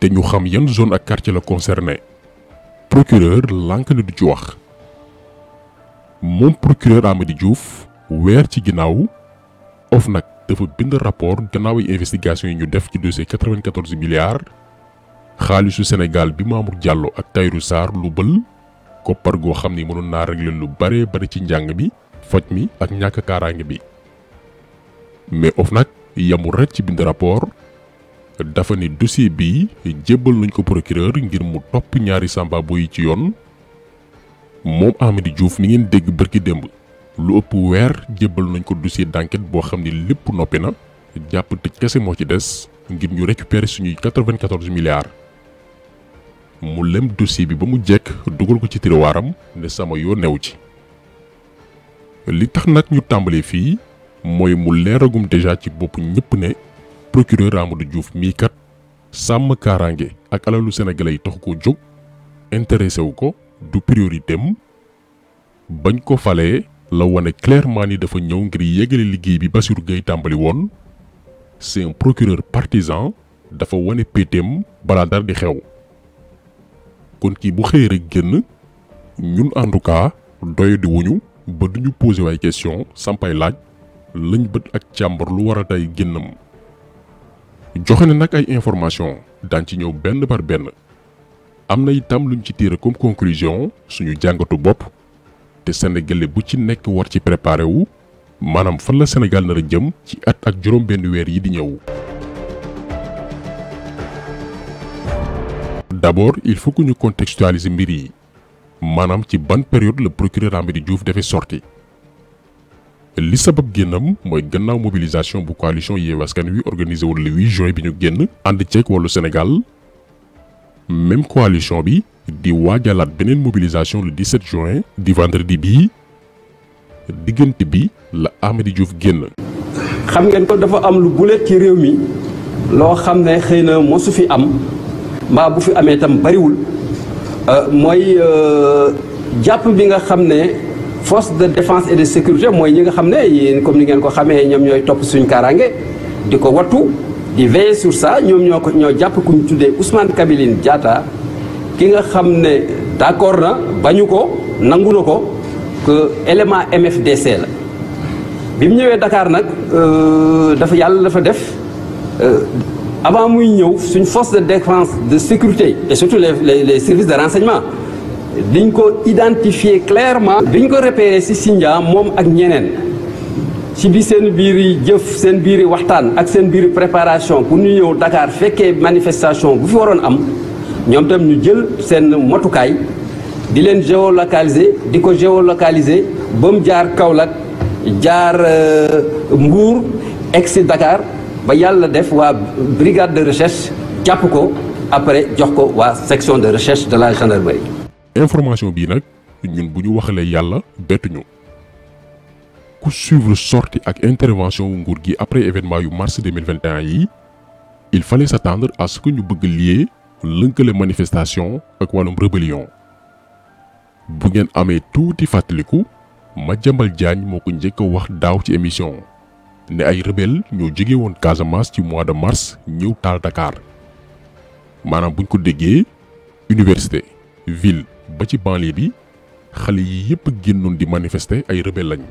te ñu xam yan zone ak quartier la concerné procureur lànk du ci wax moom procureur Amady Diouf weer ci ginnaaw OFNAC dafa bind rapport gannaaw ay investigation yi ñu def ci dossier 94 milliards xaalisu Sénégal bi Mamour Diallo ak Tayrou Sar lu bël koppar goo xam ni mënoon naa régler lu bare bare ci njang bi faj mi ak ñàkk karang bi mais OFNAC yamul rekk ci bind rapport dafa ni dossier bi jébbal nañ ko procureur ngir mu topp ñaari samba boy yi ci yoon moom Amady Diouf mi ngeen dégg bërki démb lu ëpp weer jébbal nañ ko dossier d'enquête boo xam ni lépp noppi na jàpp tëj kese moo ci des ngir ñu récupérer suñuy 94 milliards mu lem dossier bi ba mu jekk dugal ko ci tiroiram ne sama yoo new ci li tax nag ñu tàmbalee fii mooy mu leeragum déjà ci bopp ñëpp ne procureur Amadou Diouf mi kat sam karangé ak alalu sénégalais yi ko intéressé du priorité ko la clairement ni dafa ñew ngir de liggéey bi c'est un procureur partisan dafa woné pétem un dara di xew kon ki bu rek ñun en tout cas doy di wuñu ba duñu posé waay question ak chamber lu joxe nak ay information dan ci ñëw benn par benn amna itam luñ ci tire comme conclusion suñu jangatu bop té sénégalais bu ci nek war ci préparer wu manam fa la Sénégal na jëm ci at ak juroom benn yi di d'abord il faut que ñu contextualiser mbiri manam ci ban période le procureur Hamady Diouf défé sorti li sabab génnam moy gannaaw mobilisation bu coalition Yewwi Askan Wi organisé wol le 8 juin bi ñu génn ànd ceeg wàllu Sénégal même coalition bi di wajalat benen mobilisation le 17 juin di vendredi bi diggante bi la Amady Diouf génn. xam ngeen ko dafa am lu guléet ci réew mi lo xam xeyna mo su fi am ma bu fi amee itam bariwul euh, moy euh, japp bi nga xam force de défense et de sécurité moy ñi nga xamné comme ni ngeen ko xamé ñom ñoy top suñu karangé diko ko wattu di veiller sur ça ñom ñoko ko ñoo jàpp ku ñu Ousmane Kabiline Diata ki nga xamné d'accord na bañu ko nangul ko que élément MFDC la bi mu ñëwee Dakar euh dafa yalla dafa def euh avant muy ñëw suñ force de défense de sécurité et surtout les les services de renseignement dañ ko identifier clairement. dañ ko repérer ci ak ci bi préparation pour ñu Dakar manifestation bu fi am tam ñu jël di géolocaliser di ko géolocaliser jaar jaar brigade de recherche ko après jox ko section de recherche de la gendarmerie information bi nous ñun buñu pas yalla yàlla bettuñu ku suivre sortie ak intervention wu nguur gi après événement yu mars 2021 yi il fallait s'attendre à ce que ñu bëgg lier manifestations manifestation ak walum rébellion bu ngeen amee tuuti fàttaliku Madiambal Diagne moo ko njëkk wax daw ci émission né ay rebelle ñoo jóge woon Casamance ci mois de mars ñëw tal Dakar manam buñ ko déggé université ville ba ci banlieue bi xali yi yépp génnoon di manifester ay rebel lañ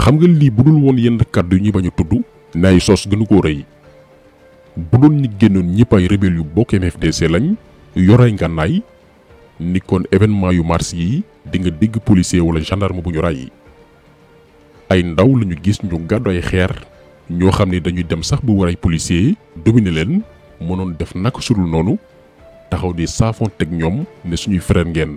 xam nga lii bu dul woon yenn kàddu ñu bañ sos gënu koo rëy bu doon ñi génnoon ñëpp ay rebel yu bokk MFDC lañ yoray ay ngànnaay ni kon événement yu mars yi di nga dégg policier wala gendarme bu ñu ràyyi ay ndaw lañu gis ñu gàddu ay xeer ñoo xam dañuy dem sax bu waray policier dominer leen mënoon def nak sudul noonu taxaw di saafoonteeg ñom ne suñuy frère ngeen.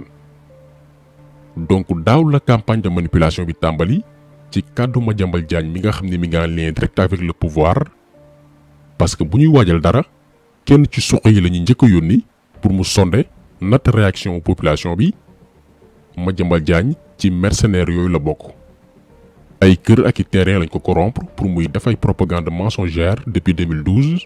donc daw la campagne de manipulation bi Tambali, ci ma Madiambal Diagne mi nga xamni mi ngi en lien direct avec le pouvoir parce que bu wajal dara kenn ci suq yi lañu ñuy njëkk pour mu sonde notre réaction population bi Madiambal Diagne ci mercenaires yoyu la bokk. ay kër ak i terrain lañ ko corrompre pour muy dafay propagande mensongère depuis 2012.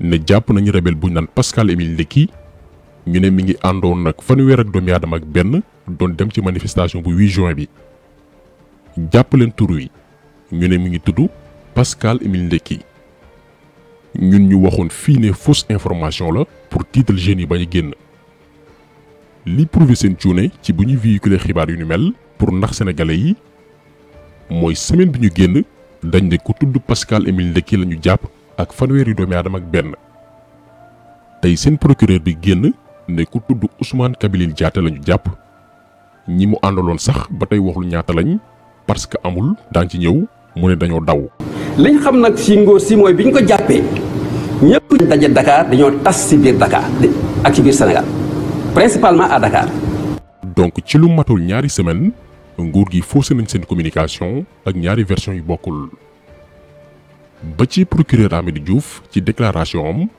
ne japp nañu rebel bu ñu Pascal Émile Ndéki ñu ne mi ngi àndoon nag wër ak doomi adam ak benn doon dem ci manifestation bu 8 juin bi japp leen tur wi ñu ne mi ngi tudd Pascal Émile Ndéki ñun ñu waxoon fi né fausse information la pour titre génie bañu bañ génn li prouvé seen cuune ci buñu véhiculer xibaar yu ñu mel pour nax sénégalais yi moy semaine bi ñu génn dañ né ko tudd Pascal Émile Ndéki la ñu jàpp ak fanweri doomi adam ak ben tay seen procureur bi genn ne ku tuddu Ousmane Kabilil Diatta lañu japp ñi mu andalon sax ba tay waxlu ñaata lañ parce que amul dañ ci ñew mu ne dañu daw. lañ xam nak si ngo si moy biñ ñu ko jàppee ñëpp dajé Dakar dañu tass ci bir Dakar ak ci bir Sénégal principalement à Dakar. donc ci lu matul ñaari semaine nguur gi fossé nañ seen communication ak ñaari version yu bokul ba ci procureur Hamidou Diouf ci déclaration am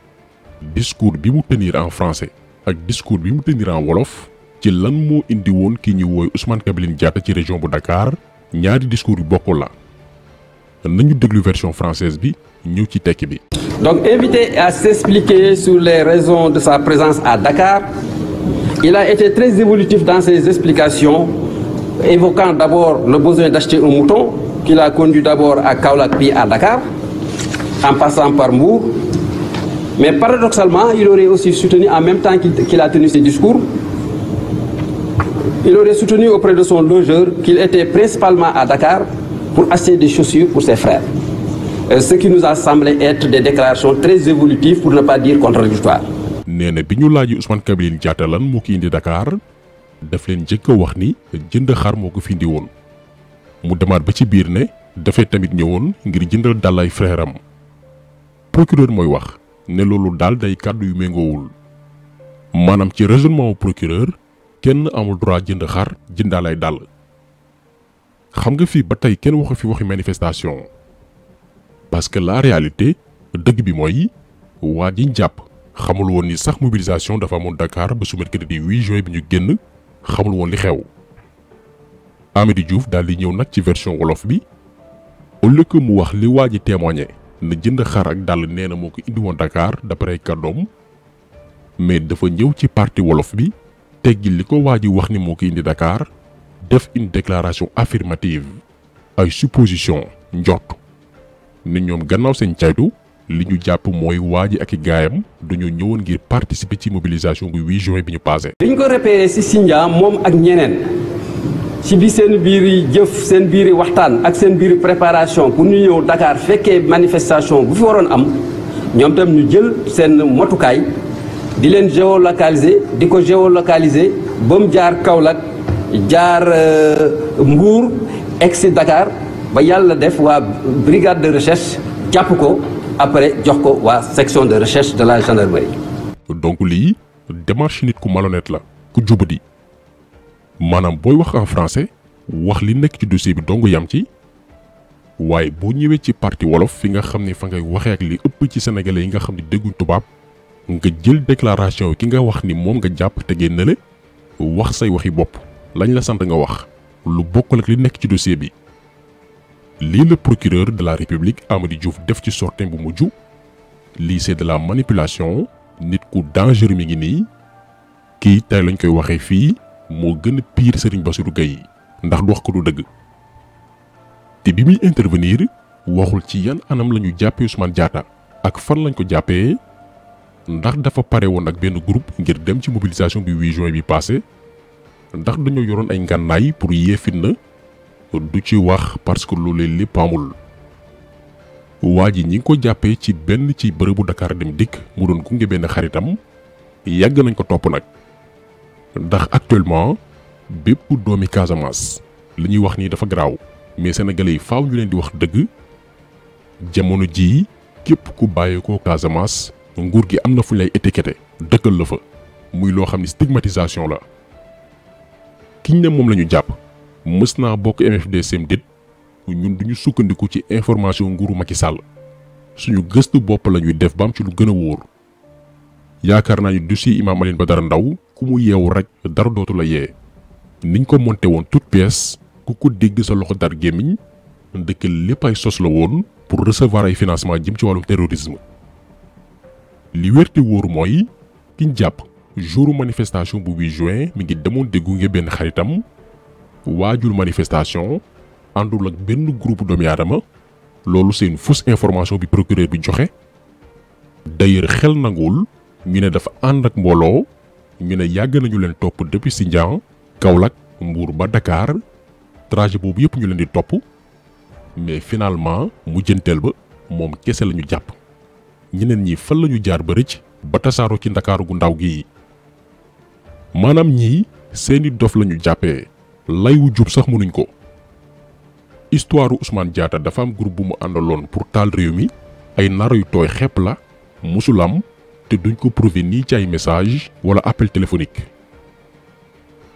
discours bi mu tenir en français ak discours bi mu tenir en wolof ci lan mo indi won ki ñuy woy Ousmane Kabiline Diatta ci région bu Dakar ñaari discours yu bokkul la nañu déglu version française bi ñëw ci tekki bi. Donc invité à s'expliquer sur les raisons de sa présence à Dakar, il a été très évolutif dans ses explications, évoquant d'abord le besoin d'acheter un mouton qu'il a conduit d'abord à Kaolack puis à Dakar en passant par Mou, Mais paradoxalement, il aurait aussi soutenu, en même temps qu'il a tenu ses discours, il aurait soutenu auprès de son logeur qu'il était principalement à Dakar pour acheter des chaussures pour ses frères. Euh, ce qui nous a semblé être des déclarations très évolutives pour ne pas dire contradictoires. l'histoire. Ousmane Dakar wax ni jënd xar fi mu procureur moy wax né lolu dal day kàddu yu méngoowul ci raisonnement procureur kenn amul droit jënd xar jëndaa lay dàll xam nga fi batay kenn waxu fi waxi manifestation parce que la réalité dëgg bi moy waa ji xamul woon ni sax mobilisation dafa amoon Dakar ba su mercredi 8 juin bi ñu genn xamul won li xew Amady Diouf dal li ñew nak ci version wolof bi au lieu que mu wax li waa témoigner na jënd xar ak dàll nee na moo ko indi woon Dakar d'après kàddoom mais dafa ñëw ci parti wolof bi teggi li ko waa ji wax ni moo ko indi dakaar def une déclaration affirmative ay supposition njort ni ñoom gannaaw seen caytu li ñu jàpp mooy waa ji ak i gaayam dañoo ñëwoon ngir participer ci mobilisation bi 8 juin bi ñu passé. dañ ko repéré si Sindia moom ak ñeneen. ci bi seen biiri jëf seen biiri waxtaan ak seen biiri préparation pour ñu ñëw Dakar fekkee manifestation bu fi waroon am ñoom tam ñu jël seen motukaay di leen géolocaliser di ko géolocaliser ba mu jaar Kaolack jaar euh, Mbour egsi Dakar ba yàlla def wa brigade de recherche jàpp ko après jox ko waa section de recherche de la gendarmerie. donc lii démarche nit ku malhonnête la ku jubadi maanaam booy wax en français wax li nekk ci dossier bi dong yam ci waaye boo ñëwee ci parti wolof fi nga xam ne fa ngay waxee ak li ëpp ci sénégalais nga xam ne nga jël déclaration ki nga wax ni nga jàpp tegee na le wax say waxi lañ la sant nga wax lu ci dossier bi. lii Le procureur de la république Amady Diouf def ci sortie bu c'est de la manipulation nit ku dangereux mi ngi nii kii tey lañ mo gën sering pire Serigne Bassirou gay ndax du wax ko du dëgg té bi mi intervenir waxul ci yan anam lañu jappé Ousmane diata ak fan lañ ko jappé ndax dafa pare won ak benn groupe ngir dem ci mobilisation bi 8 juin bi passé ndax dañu yoron ay ngannaay pour yee fitna du ci wax parce que lolé li pamul waji ñi ko jappé ci ci bërebu Dakar dem dik mu doon ngi benn xaritam yag nañ ko top nak ndax actuellement bépp doomi Casamance li ñuy wax ni dafa graw mais sénégalais yi faaw ñu leen di wax dëgg jamono jii képp ku Casamance nguur gi am na fu lay étiqueté dëkkal la fa muy loo stigmatisation la kiñ ne moom la ñu jàpp mës naa bokk MFDCM dit ñun duñu sukkandiku ci information nguuru Macky Sall suñu gëstu bopp def ba ci lu yaakaar naa ni du si imaam ba dara ndaw ku mu yeewu rek dara dootu la yee niñ ko monté woon toute pièce ku ko dégg sa loxo dar gémmiñ dëkk lépp ay sos la woon pour recevoir ay financement jëm ci wàllum terrorisme li wérte wóoru mooy kiñ jàpp jouru manifestation bu 8 juin mi ngi demoon déggu nge benn xaritam waajul manifestation àndul ak benn groupe doomi aadama loolu seen fausse information bi procureur bi joxe d'ailleurs xel nanguwul ñu ne dafa ànd ak mbooloo ñu ne yàgg nañu leen topp si Sindian Kaolack Mbour ba Dakar trajet boobu yëpp ñu leen di topp mais finalement mu jënteel ba moom kese la ñu jàpp ñeneen ñi fan la ñu jaar ba rëcc ba tasaaroo ci ndakaar gu ndaw gi maanaam ñii seeni dof la ñu jàppee lay wu jub sax mënuñ ko histoire Ousmane Diatta dafa am groupe bu mu àndaloon pour taal réew mi ay nara yu tooy xepp la mosul am te duñ ko prouver ni ci ay message wala appel téléphonique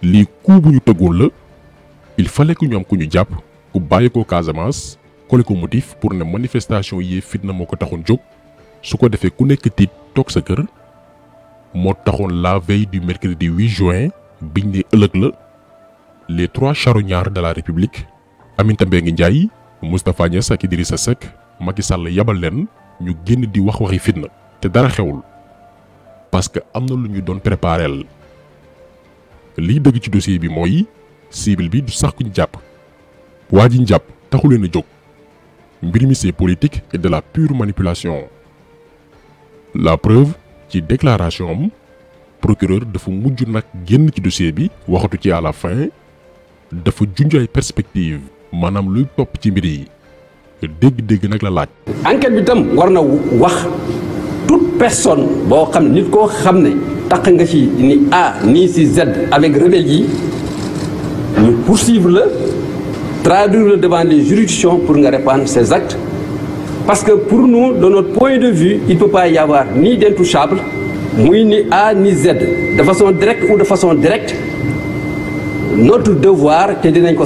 li coups bu ñu tëggoon la il fallait que ñu am ku ñu japp ku bàyyi ko kole ko motif pour ne manifestation yi fitna moko taxone taxoon jóg su ko defee ku nekk tiit tok sa kër mo taxone la veille du mercredi 8 juin biñ ne ëllëg la les trois charognards de la république Aminata Mbengue Ndiaye Moustapha Niass ak Idrissa Seck Macky Sall yabal len ñu génn di wax waxi fitna té dara xewul parce que amna luñu lu ñu doon préparel lii dëgg ci dossier bi moy cible bi du sax kuñ jàpp waa ji ñu jàpp taxu leena jog mbir mi c'est politique et de la pure manipulation la preuve ci déclaration procureur dafa muju nak genn ci dossier bi waxatu ci à la fin dafa junj perspective manam luy top ci mbir yi deug deug nak la laaj. enquête bi tam war na wax toute personne bon comme ni A ni Z avec rebelle nous poursuivre le traduire le devant les juridictions pour nga répandre ses actes parce que pour nous de notre point de vue il peut pas y avoir ni d'intouchable muy ni A ni Z de façon directe ou de façon directe notre devoir est de ko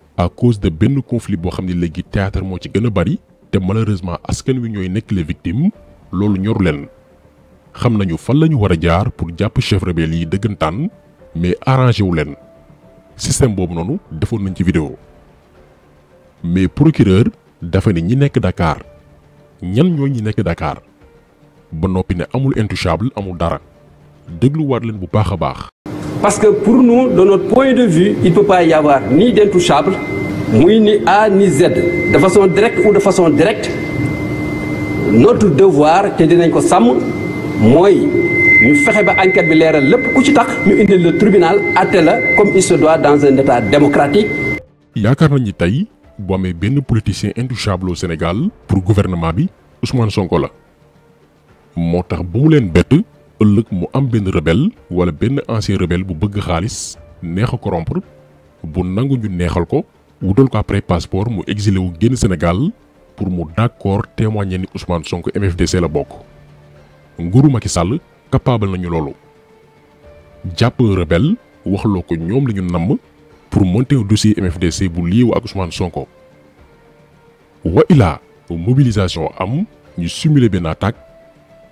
à cause de ben conflit bo xamni légui théâtre mo ci gëna bari té malheureusement askan wi ñoy nek les victimes lolu ñoru leen xam nañu fan lañu wara jaar pour japp chef rebelle yi dëggantaan mais arrangé wu len système bobu nonu defoon nañ ci vidéo mais procureur dafa ni ñi nek Dakar ñan ñoy ñi nek Dakar ba nopi ne amul intouchable amul dara dégluwaat len bu baax a baax. Parce que pour nous, de notre point de vue, il ne peut pas y avoir ni d'intouchable, ni A, ni Z. De façon directe ou de façon directe, notre devoir, c'est de faire une faire enquête nous le tribunal comme il se doit dans un état démocratique. Il y a un bu politicien intouchable au Sénégal pour le gouvernement bi Ousmane Sonko la moo bu ëllëg mu am benn rebelle wala benn ancien rebelle bu bëgg xaalis neex a corrompre bu nangu ñu neexal ko wutal ko après passeport mu exilé wu génn senegal pour mu d'accord témoigner ni Ousmane Sonko MFDC la bokk nguuru Macky Sall capable nañu loolu jàpp rebelle waxloo ko ñoom la ñu namm pour monter un dossier MFDC bu liiw ak Ousmane Sonko wa ilaa mobilisation am ñu simuler benn attaque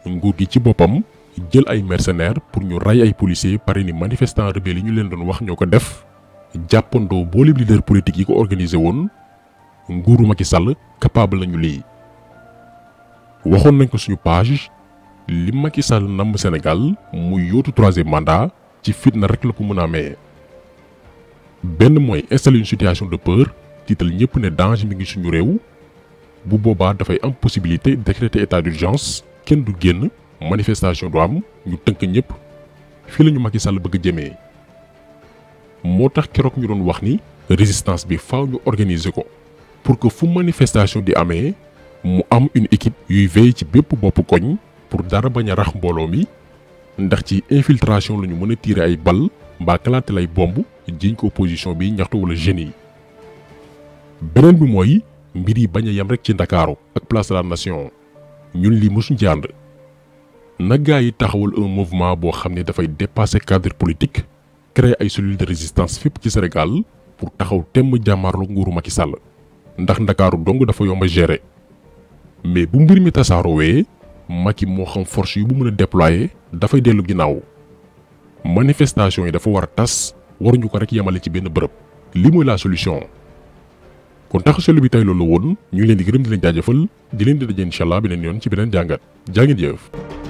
nguur gi ci boppam. jël ay mercenaires pour ñu rey ay policiers pare ni manifestant rebelle yi ñu leen doon wax ñoo ko def jàppandoo booleb leader politique yi ko organisé woon nguuru Macky Sall capable nañu lii. waxoon nañ ko suñu page li Macky Sall namm Sénégal muy yootu troisième mandat ci fitna rek la ko mën a amee. benn mooy installer une situation de peur tiital ñëpp ne danger mi ngi suñu réew bu boobaa dafay am possibilité décréter état d'urgence kenn du génn. manifestation du am ñu tënk ñep fi la ñu Macky Sall bëgg jëmé motax tax ñu doon wax ni résistance bi faaw ñu organiser ko pour que fu manifestation di amé mu am une équipe yuy veille ci bëpp bop koñ pour dara baña rax mbolo mi ndax ci infiltration la ñu mën ay bal ba kalaate lay bomb jiñ ko opposition bi ñaxtu wala jeunes yi beneen bi moy mbiri baña yam rek ci ndakaaru ak place de la nation ñun li mosuñ ci na gaa yi taxawal un mouvement bo xamné da fay dépasser cadre politique créer ay cellules de résistance fépp ci Sénégal pour taxaw temm jàmmaarlu nguuru Macky Sall ndax ndakaaru dong da yomb a gérer mais bu mbir mi tasaaroowee Macky mo xam force yu bu meuna déployer da fay dellu ginaaw manifestation yi da fa war tass tas waruñu ko rek yemale ci benn bërëb li moy la solution kon tax selu bi tay lolu won ñu leen di gërëm di leen jaajëfal di leen di daje incha allah beneen yoon ci beneen jàngat jaa ngeen jëf